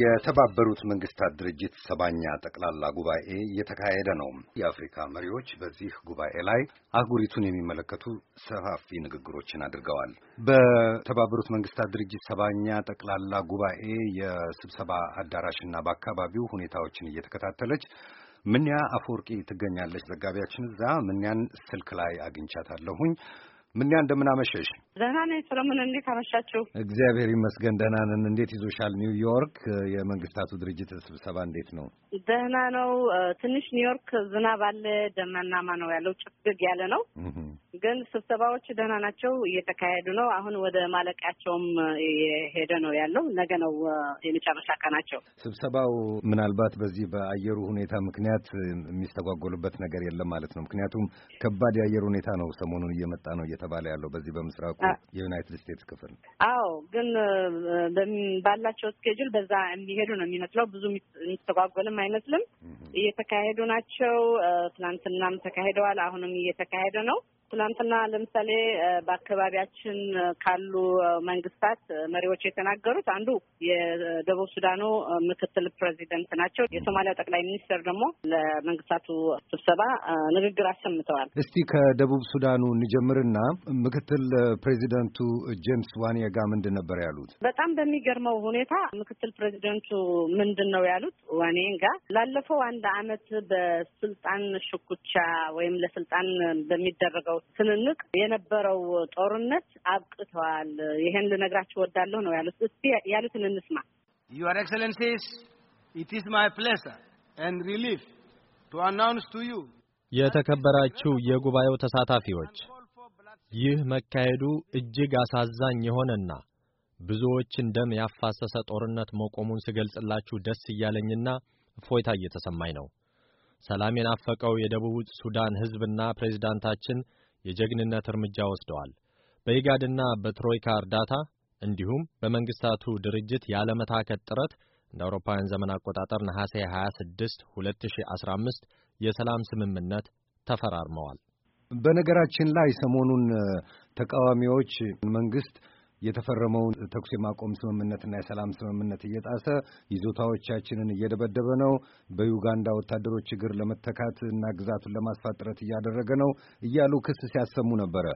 የተባበሩት መንግስታት ድርጅት ሰባኛ ጠቅላላ ጉባኤ እየተካሄደ ነው። የአፍሪካ መሪዎች በዚህ ጉባኤ ላይ አህጉሪቱን የሚመለከቱ ሰፋፊ ንግግሮችን አድርገዋል። በተባበሩት መንግስታት ድርጅት ሰባኛ ጠቅላላ ጉባኤ የስብሰባ አዳራሽና በአካባቢው ሁኔታዎችን እየተከታተለች ምንያ አፈወርቂ ትገኛለች። ዘጋቢያችን እዛ ምንያን ስልክ ላይ አግኝቻታለሁኝ። ምን ያ እንደምናመሸሽ ደህና ነኝ ሰለሞን፣ እንዴት አመሻችሁ? እግዚአብሔር ይመስገን ደህና ነን። እንዴት ይዞሻል? ኒውዮርክ የመንግስታቱ ድርጅት ስብሰባ እንዴት ነው? ደህና ነው። ትንሽ ኒውዮርክ ዝናብ አለ፣ ደመናማ ነው ያለው፣ ጭፍግግ ያለ ነው። ግን ስብሰባዎች ደህና ናቸው፣ እየተካሄዱ ነው። አሁን ወደ ማለቂያቸውም የሄደ ነው ያለው። ነገ ነው የመጨረሻ ቀናቸው። ስብሰባው ምናልባት በዚህ በአየሩ ሁኔታ ምክንያት የሚስተጓጎሉበት ነገር የለም ማለት ነው። ምክንያቱም ከባድ የአየር ሁኔታ ነው ሰሞኑን እየመጣ ነው እየተባለ ያለው በዚህ በምስራቁ የዩናይትድ ስቴትስ ክፍል። አዎ፣ ግን ባላቸው እስኬጁል በዛ የሚሄዱ ነው የሚመስለው። ብዙ የሚስተጓጎልም አይመስልም። እየተካሄዱ ናቸው። ትናንትናም ተካሂደዋል። አሁንም እየተካሄደ ነው። ትናንትና ለምሳሌ በአካባቢያችን ካሉ መንግስታት መሪዎች የተናገሩት አንዱ የደቡብ ሱዳኑ ምክትል ፕሬዚደንት ናቸው። የሶማሊያ ጠቅላይ ሚኒስትር ደግሞ ለመንግስታቱ ስብሰባ ንግግር አሰምተዋል። እስቲ ከደቡብ ሱዳኑ እንጀምርና ምክትል ፕሬዚደንቱ ጄምስ ዋንየጋ ምንድን ነበር ያሉት? በጣም በሚገርመው ሁኔታ ምክትል ፕሬዚደንቱ ምንድን ነው ያሉት? ዋንየጋ ላለፈው አንድ አመት በስልጣን ሽኩቻ ወይም ለስልጣን በሚደረገው ትንንቅ የነበረው ጦርነት አብቅተዋል። ይሄን ልነግራችሁ ወዳለሁ ነው ያሉት። እስቲ ያሉትን እንስማ። Your ኤክሰለንሲስ it is my pleasure and relief to announce to የተከበራችሁ የጉባኤው ተሳታፊዎች ይህ መካሄዱ እጅግ አሳዛኝ የሆነና ብዙዎችን ደም ያፋሰሰ ጦርነት መቆሙን ስገልጽላችሁ ደስ እያለኝና እፎይታ እየተሰማኝ ነው። ሰላም የናፈቀው የደቡብ ሱዳን ሕዝብና ፕሬዝዳንታችን የጀግንነት እርምጃ ወስደዋል። በኢጋድና በትሮይካ እርዳታ እንዲሁም በመንግስታቱ ድርጅት ያለመታከት ጥረት እንደ አውሮፓውያን ዘመን አቆጣጠር ነሐሴ 26 2015 የሰላም ስምምነት ተፈራርመዋል። በነገራችን ላይ ሰሞኑን ተቃዋሚዎች መንግስት የተፈረመውን ተኩስ የማቆም ስምምነትና የሰላም ስምምነት እየጣሰ ይዞታዎቻችንን እየደበደበ ነው፣ በዩጋንዳ ወታደሮች እግር ለመተካት እና ግዛቱን ለማስፋት ጥረት እያደረገ ነው እያሉ ክስ ሲያሰሙ ነበረ።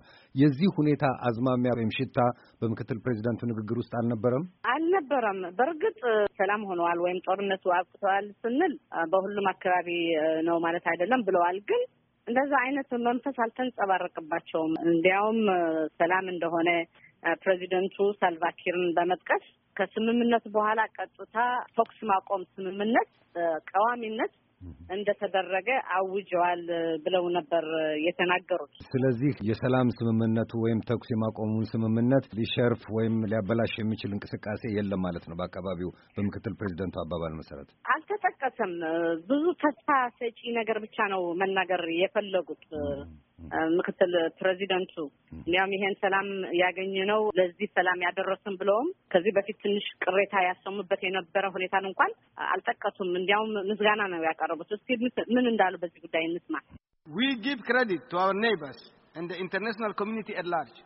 የዚህ ሁኔታ አዝማሚያ ወይም ሽታ በምክትል ፕሬዚዳንቱ ንግግር ውስጥ አልነበረም አልነበረም። በእርግጥ ሰላም ሆነዋል ወይም ጦርነቱ አብቅተዋል ስንል በሁሉም አካባቢ ነው ማለት አይደለም ብለዋል ግን እንደዛ አይነት መንፈስ አልተንጸባረቅባቸውም። እንዲያውም ሰላም እንደሆነ ፕሬዚደንቱ ሳልቫኪርን በመጥቀስ ከስምምነት በኋላ ቀጥታ ተኩስ ማቆም ስምምነት ቀዋሚነት እንደተደረገ አውጀዋል ብለው ነበር የተናገሩት። ስለዚህ የሰላም ስምምነቱ ወይም ተኩስ የማቆሙን ስምምነት ሊሸርፍ ወይም ሊያበላሽ የሚችል እንቅስቃሴ የለም ማለት ነው። በአካባቢው በምክትል ፕሬዚደንቱ አባባል መሰረት አልተጠቀሰም። ብዙ ተስፋ ሰጪ ነገር ብቻ ነው መናገር የፈለጉት። ምክትል ፕሬዚደንቱ እንዲያውም ይሄን ሰላም ያገኘ ነው ለዚህ ሰላም ያደረስን ብለውም ከዚህ በፊት ትንሽ ቅሬታ ያሰሙበት የነበረ ሁኔታን እንኳን አልጠቀሱም። እንዲያውም ምስጋና ነው ያቀረቡት። እስኪ ምን እንዳሉ በዚህ ጉዳይ እንስማ። ዊ ጊቭ ክሬዲት ቱ አወር ኔይበርስ ኤንድ ኢንተርናሽናል ኮሚኒቲ ኤት ላርጅ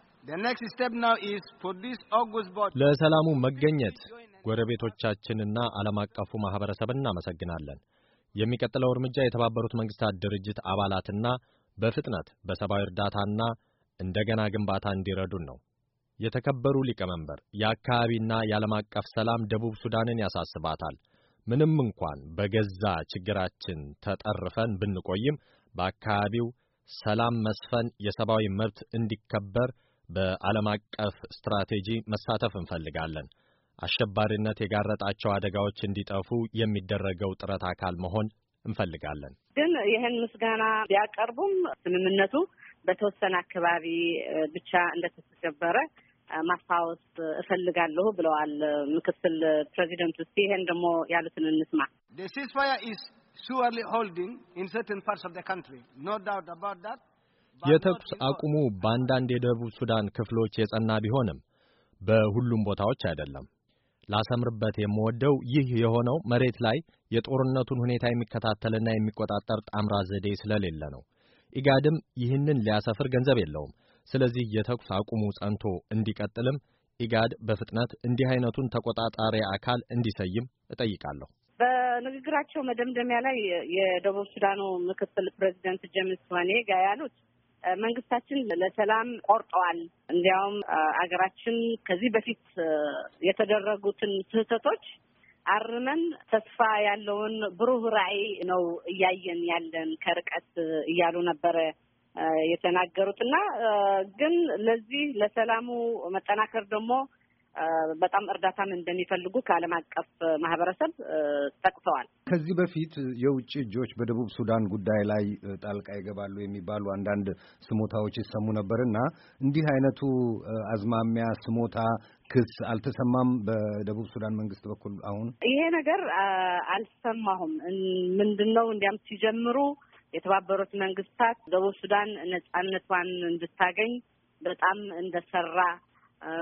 ለሰላሙ መገኘት ጎረቤቶቻችንና ዓለም አቀፉ ማህበረሰብ እናመሰግናለን። የሚቀጥለው እርምጃ የተባበሩት መንግስታት ድርጅት አባላትና በፍጥነት በሰብአዊ እርዳታና እንደገና ግንባታ እንዲረዱን ነው። የተከበሩ ሊቀመንበር፣ የአካባቢና የዓለም አቀፍ ሰላም ደቡብ ሱዳንን ያሳስባታል። ምንም እንኳን በገዛ ችግራችን ተጠርፈን ብንቆይም በአካባቢው ሰላም መስፈን፣ የሰብአዊ መብት እንዲከበር በዓለም አቀፍ ስትራቴጂ መሳተፍ እንፈልጋለን። አሸባሪነት የጋረጣቸው አደጋዎች እንዲጠፉ የሚደረገው ጥረት አካል መሆን እንፈልጋለን። ግን ይህን ምስጋና ቢያቀርቡም ስምምነቱ በተወሰነ አካባቢ ብቻ እንደተተገበረ ማስታወስ እፈልጋለሁ ብለዋል ምክትል ፕሬዚደንቱ። እስቲ ይህን ደግሞ ያሉትን እንስማ። የተኩስ አቁሙ በአንዳንድ የደቡብ ሱዳን ክፍሎች የጸና ቢሆንም በሁሉም ቦታዎች አይደለም። ላሰምርበት የምወደው ይህ የሆነው መሬት ላይ የጦርነቱን ሁኔታ የሚከታተልና የሚቆጣጠር ጣምራ ዘዴ ስለሌለ ነው። ኢጋድም ይህንን ሊያሰፍር ገንዘብ የለውም። ስለዚህ የተኩስ አቁሙ ጸንቶ እንዲቀጥልም ኢጋድ በፍጥነት እንዲህ አይነቱን ተቆጣጣሪ አካል እንዲሰይም እጠይቃለሁ። በንግግራቸው መደምደሚያ ላይ የደቡብ ሱዳኑ ምክትል ፕሬዚደንት ጀምስ ዋኔጋ ያሉት መንግስታችን ለሰላም ቆርጠዋል። እንዲያውም አገራችን ከዚህ በፊት የተደረጉትን ስህተቶች አርመን ተስፋ ያለውን ብሩህ ራዕይ ነው እያየን ያለን ከርቀት እያሉ ነበረ የተናገሩት እና ግን ለዚህ ለሰላሙ መጠናከር ደግሞ በጣም እርዳታም እንደሚፈልጉ ከዓለም አቀፍ ማህበረሰብ ጠቅሰዋል። ከዚህ በፊት የውጭ እጆች በደቡብ ሱዳን ጉዳይ ላይ ጣልቃ ይገባሉ የሚባሉ አንዳንድ ስሞታዎች ይሰሙ ና እንዲህ አይነቱ አዝማሚያ ስሞታ ክስ አልተሰማም በደቡብ ሱዳን መንግስት በኩል አሁን ይሄ ነገር አልሰማሁም ምንድን ነው እንዲያም ሲጀምሩ የተባበሩት መንግስታት ደቡብ ሱዳን ነጻነቷን እንድታገኝ በጣም እንደሰራ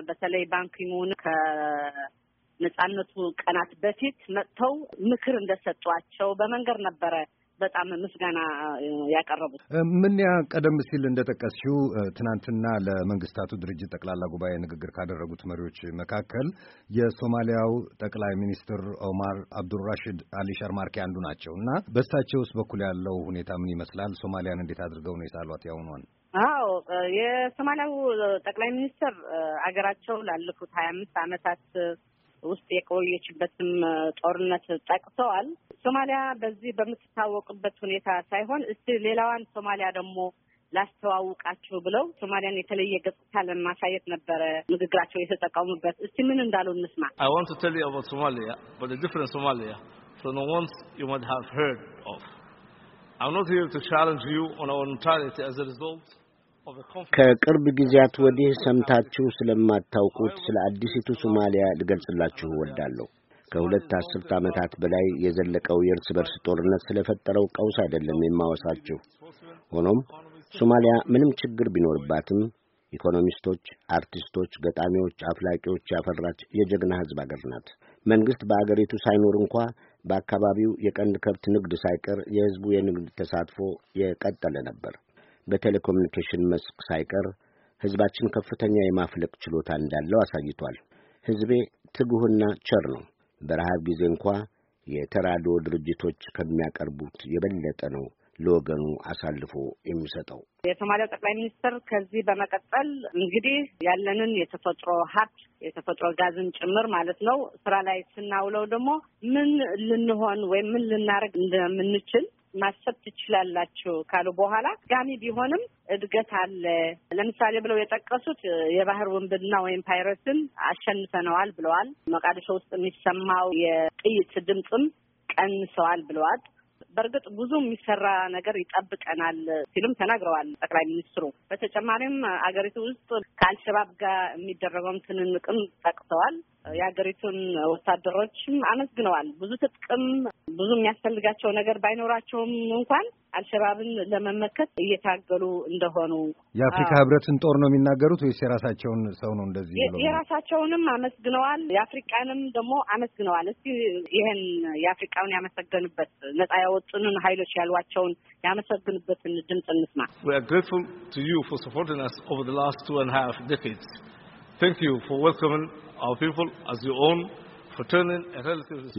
በተለይ ባንኪሙን ከነጻነቱ ቀናት በፊት መጥተው ምክር እንደሰጧቸው በመንገድ ነበረ በጣም ምስጋና ያቀረቡት ምን ያ ቀደም ሲል እንደጠቀስሽው ትናንትና ለመንግስታቱ ድርጅት ጠቅላላ ጉባኤ ንግግር ካደረጉት መሪዎች መካከል የሶማሊያው ጠቅላይ ሚኒስትር ኦማር አብዱራሽድ አሊ ሸርማርኬ አንዱ ናቸው እና በእሳቸው ውስጥ በኩል ያለው ሁኔታ ምን ይመስላል? ሶማሊያን እንዴት አድርገው ነው የሳሏት? ያውኗን አዎ የሶማሊያው ጠቅላይ ሚኒስትር አገራቸው ላለፉት ሀያ አምስት ዓመታት ውስጥ የቆየችበትም ጦርነት ጠቅሰዋል። ሶማሊያ በዚህ በምትታወቅበት ሁኔታ ሳይሆን እስቲ ሌላዋን ሶማሊያ ደግሞ ላስተዋውቃችሁ ብለው ሶማሊያን የተለየ ገጽታ ለማሳየት ነበረ ንግግራቸው የተጠቀሙበት። እስቲ ምን እንዳሉ እንስማ። I want to tell you about Somalia, but a different Somalia from the ones you might have heard of. I'm not here to challenge you on our as a result. ከቅርብ ጊዜያት ወዲህ ሰምታችሁ ስለማታውቁት ስለ አዲሲቱ ሶማሊያ ልገልጽላችሁ እወዳለሁ። ከሁለት አስርት ዓመታት በላይ የዘለቀው የእርስ በርስ ጦርነት ስለፈጠረው ቀውስ አይደለም የማወሳችሁ። ሆኖም ሶማሊያ ምንም ችግር ቢኖርባትም ኢኮኖሚስቶች፣ አርቲስቶች፣ ገጣሚዎች፣ አፍላቂዎች ያፈራች የጀግና ሕዝብ አገር ናት። መንግሥት በአገሪቱ ሳይኖር እንኳ በአካባቢው የቀንድ ከብት ንግድ ሳይቀር የሕዝቡ የንግድ ተሳትፎ የቀጠለ ነበር። በቴሌኮሙኒኬሽን መስክ ሳይቀር ሕዝባችን ከፍተኛ የማፍለቅ ችሎታ እንዳለው አሳይቷል። ሕዝቤ ትጉህና ቸር ነው። በረሃብ ጊዜ እንኳ የተራድኦ ድርጅቶች ከሚያቀርቡት የበለጠ ነው ለወገኑ አሳልፎ የሚሰጠው። የሶማሊያው ጠቅላይ ሚኒስትር ከዚህ በመቀጠል እንግዲህ ያለንን የተፈጥሮ ሀብት የተፈጥሮ ጋዝን ጭምር ማለት ነው ስራ ላይ ስናውለው ደግሞ ምን ልንሆን ወይም ምን ልናደርግ እንደምንችል ማሰብ ትችላላችሁ ካሉ በኋላ ጋሚ ቢሆንም እድገት አለ። ለምሳሌ ብለው የጠቀሱት የባህር ውንብድና ወይም ፓይረትን አሸንፈነዋል ብለዋል። መቃደሻ ውስጥ የሚሰማው የጥይት ድምፅም ቀንሰዋል ብለዋል። በእርግጥ ብዙ የሚሰራ ነገር ይጠብቀናል ሲሉም ተናግረዋል ጠቅላይ ሚኒስትሩ። በተጨማሪም አገሪቱ ውስጥ ከአልሸባብ ጋር የሚደረገውን ትንንቅም ጠቅሰዋል። የሀገሪቱን ወታደሮችም አመስግነዋል። ብዙ ትጥቅም ብዙ የሚያስፈልጋቸው ነገር ባይኖራቸውም እንኳን አልሸባብን ለመመከት እየታገሉ እንደሆኑ የአፍሪካ ህብረትን ጦር ነው የሚናገሩት ወይስ የራሳቸውን ሰው ነው? እንደዚህ የራሳቸውንም አመስግነዋል፣ የአፍሪቃንም ደግሞ አመስግነዋል። እስቲ ይህን የአፍሪቃውን ያመሰገንበት ነጻ ያወጡንን ሀይሎች ያሏቸውን ያመሰግንበትን ድምፅ እንስማ።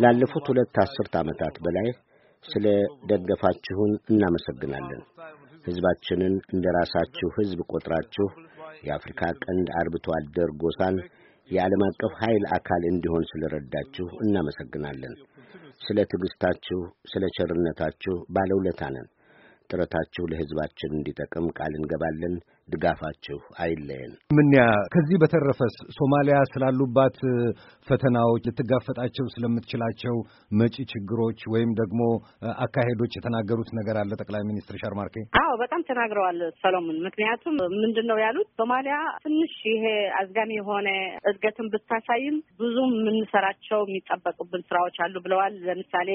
ላለፉት ሁለት አስርት ዓመታት በላይ ስለ ደገፋችሁን እናመሰግናለን። ሕዝባችንን እንደ ራሳችሁ ሕዝብ ቆጥራችሁ የአፍሪካ ቀንድ አርብቶ አደር ጎሳን የዓለም አቀፍ ኃይል አካል እንዲሆን ስለ ረዳችሁ እናመሰግናለን። ስለ ትዕግሥታችሁ፣ ስለ ቸርነታችሁ ባለውለታ ነን። ጥረታችሁ ለህዝባችን እንዲጠቅም ቃል እንገባለን። ድጋፋችሁ አይለየን። ምንያ ከዚህ በተረፈስ ሶማሊያ ስላሉባት ፈተናዎች፣ ልትጋፈጣቸው ስለምትችላቸው መጪ ችግሮች ወይም ደግሞ አካሄዶች የተናገሩት ነገር አለ ጠቅላይ ሚኒስትር ሻርማርኬ አዎ በጣም ተናግረዋል ሰሎሞን። ምክንያቱም ምንድን ነው ያሉት ሶማሊያ ትንሽ ይሄ አዝጋሚ የሆነ እድገትን ብታሳይም ብዙ የምንሰራቸው የሚጠበቁብን ስራዎች አሉ ብለዋል። ለምሳሌ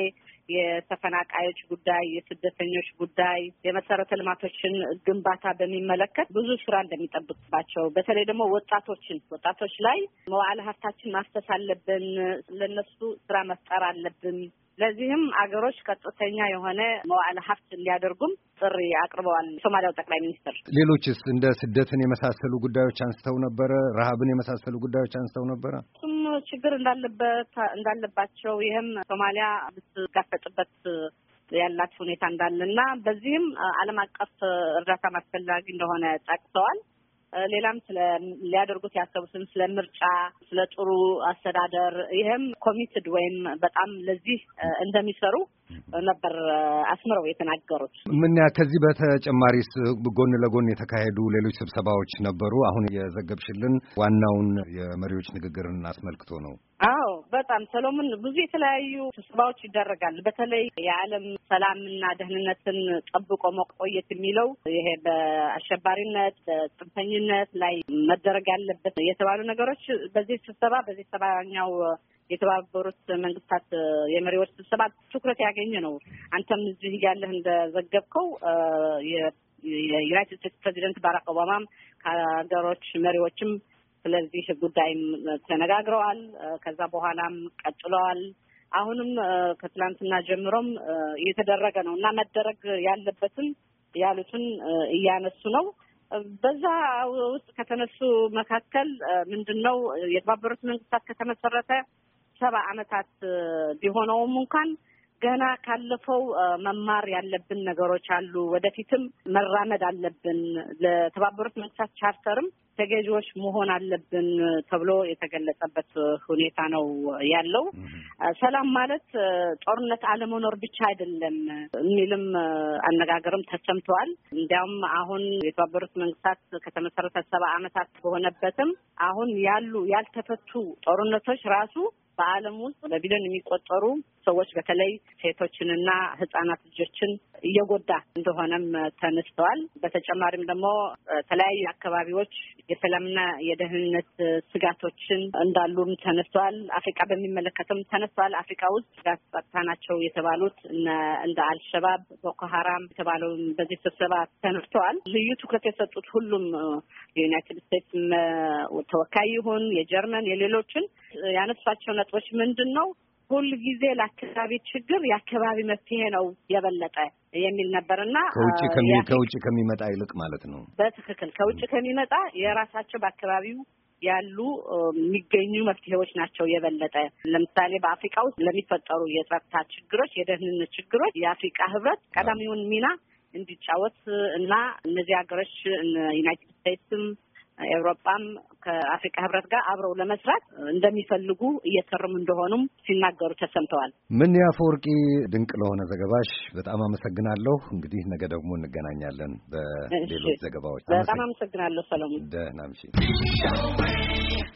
የተፈናቃዮች ጉዳይ፣ የስደተኞች ጉዳይ፣ የመሰረተ ልማቶችን ግንባታ በሚመለከት ብዙ ስራ እንደሚጠብቅባቸው በተለይ ደግሞ ወጣቶችን ወጣቶች ላይ መዋዕለ ሀብታችን ማፍሰስ አለብን፣ ለነሱ ስራ መፍጠር አለብን። ለዚህም አገሮች ቀጥተኛ የሆነ መዋዕለ ሀብት እንዲያደርጉም ጥሪ አቅርበዋል የሶማሊያው ጠቅላይ ሚኒስትር። ሌሎችስ እንደ ስደትን የመሳሰሉ ጉዳዮች አንስተው ነበረ። ረሃብን የመሳሰሉ ጉዳዮች አንስተው ነበረ። ችግር እንዳለበት እንዳለባቸው ይህም ሶማሊያ ብትጋፈጥበት ያላት ሁኔታ እንዳለ እና በዚህም ዓለም አቀፍ እርዳታ አስፈላጊ እንደሆነ ጠቅሰዋል። ሌላም ስለ ሊያደርጉት ያሰቡትም ስለ ምርጫ፣ ስለ ጥሩ አስተዳደር ይህም ኮሚትድ ወይም በጣም ለዚህ እንደሚሰሩ ነበር አስምረው የተናገሩት። ያ ከዚህ በተጨማሪስ ጎን ለጎን የተካሄዱ ሌሎች ስብሰባዎች ነበሩ። አሁን የዘገብሽልን ዋናውን የመሪዎች ንግግርን አስመልክቶ ነው። አዎ በጣም ሰሎሞን፣ ብዙ የተለያዩ ስብሰባዎች ይደረጋል። በተለይ የዓለም ሰላምና ደህንነትን ጠብቆ መቆየት የሚለው ይሄ በአሸባሪነት ጽንፈኝነት ላይ መደረግ ያለበት የተባሉ ነገሮች በዚህ ስብሰባ በዚህ ሰባኛው የተባበሩት መንግስታት የመሪዎች ስብሰባ ትኩረት ያገኘ ነው። አንተም እዚህ እያለህ እንደዘገብከው የዩናይትድ ስቴትስ ፕሬዚደንት ባራክ ኦባማም ከሀገሮች መሪዎችም ስለዚህ ጉዳይም ተነጋግረዋል። ከዛ በኋላም ቀጥለዋል። አሁንም ከትላንትና ጀምሮም እየተደረገ ነው እና መደረግ ያለበትን ያሉትን እያነሱ ነው። በዛ ውስጥ ከተነሱ መካከል ምንድን ነው የተባበሩት መንግስታት ከተመሰረተ ሰባ አመታት ቢሆነውም እንኳን ገና ካለፈው መማር ያለብን ነገሮች አሉ። ወደፊትም መራመድ አለብን። ለተባበሩት መንግስታት ቻርተርም ተገዢዎች መሆን አለብን ተብሎ የተገለጸበት ሁኔታ ነው ያለው። ሰላም ማለት ጦርነት አለመኖር ብቻ አይደለም የሚልም አነጋገርም ተሰምተዋል። እንዲያውም አሁን የተባበሩት መንግስታት ከተመሰረተ ሰባ አመታት በሆነበትም አሁን ያሉ ያልተፈቱ ጦርነቶች ራሱ በዓለም ውስጥ በቢሊዮን የሚቆጠሩ ሰዎች በተለይ ሴቶችንና ህጻናት ልጆችን እየጎዳ እንደሆነም ተነስተዋል። በተጨማሪም ደግሞ በተለያዩ አካባቢዎች የሰላምና የደህንነት ስጋቶችን እንዳሉም ተነስተዋል። አፍሪቃ በሚመለከትም ተነስተዋል። አፍሪካ ውስጥ ስጋት ጸጥታ ናቸው የተባሉት እንደ አልሸባብ፣ ቦኮ ሀራም የተባለው በዚህ ስብሰባ ተነስተዋል። ልዩ ትኩረት የሰጡት ሁሉም የዩናይትድ ስቴትስ ተወካይ ይሁን የጀርመን የሌሎችን ያነሷቸው ነጥቦች ምንድን ነው? ሁል ጊዜ ለአካባቢ ችግር የአካባቢ መፍትሄ ነው የበለጠ የሚል ነበር እና ከውጭ ከውጭ ከሚመጣ ይልቅ ማለት ነው። በትክክል ከውጭ ከሚመጣ የራሳቸው በአካባቢው ያሉ የሚገኙ መፍትሄዎች ናቸው የበለጠ። ለምሳሌ በአፍሪካ ውስጥ ለሚፈጠሩ የጸጥታ ችግሮች፣ የደህንነት ችግሮች የአፍሪካ ህብረት ቀዳሚውን ሚና እንዲጫወት እና እነዚህ ሀገሮች ዩናይትድ ስቴትስም ኤውሮጳም ከአፍሪካ ህብረት ጋር አብረው ለመስራት እንደሚፈልጉ እየሰሩም እንደሆኑም ሲናገሩ ተሰምተዋል። ምን ያፈወርቂ ድንቅ ለሆነ ዘገባሽ በጣም አመሰግናለሁ። እንግዲህ ነገ ደግሞ እንገናኛለን በሌሎች ዘገባዎች። በጣም አመሰግናለሁ ሰለሞን። ደህና ምሽት።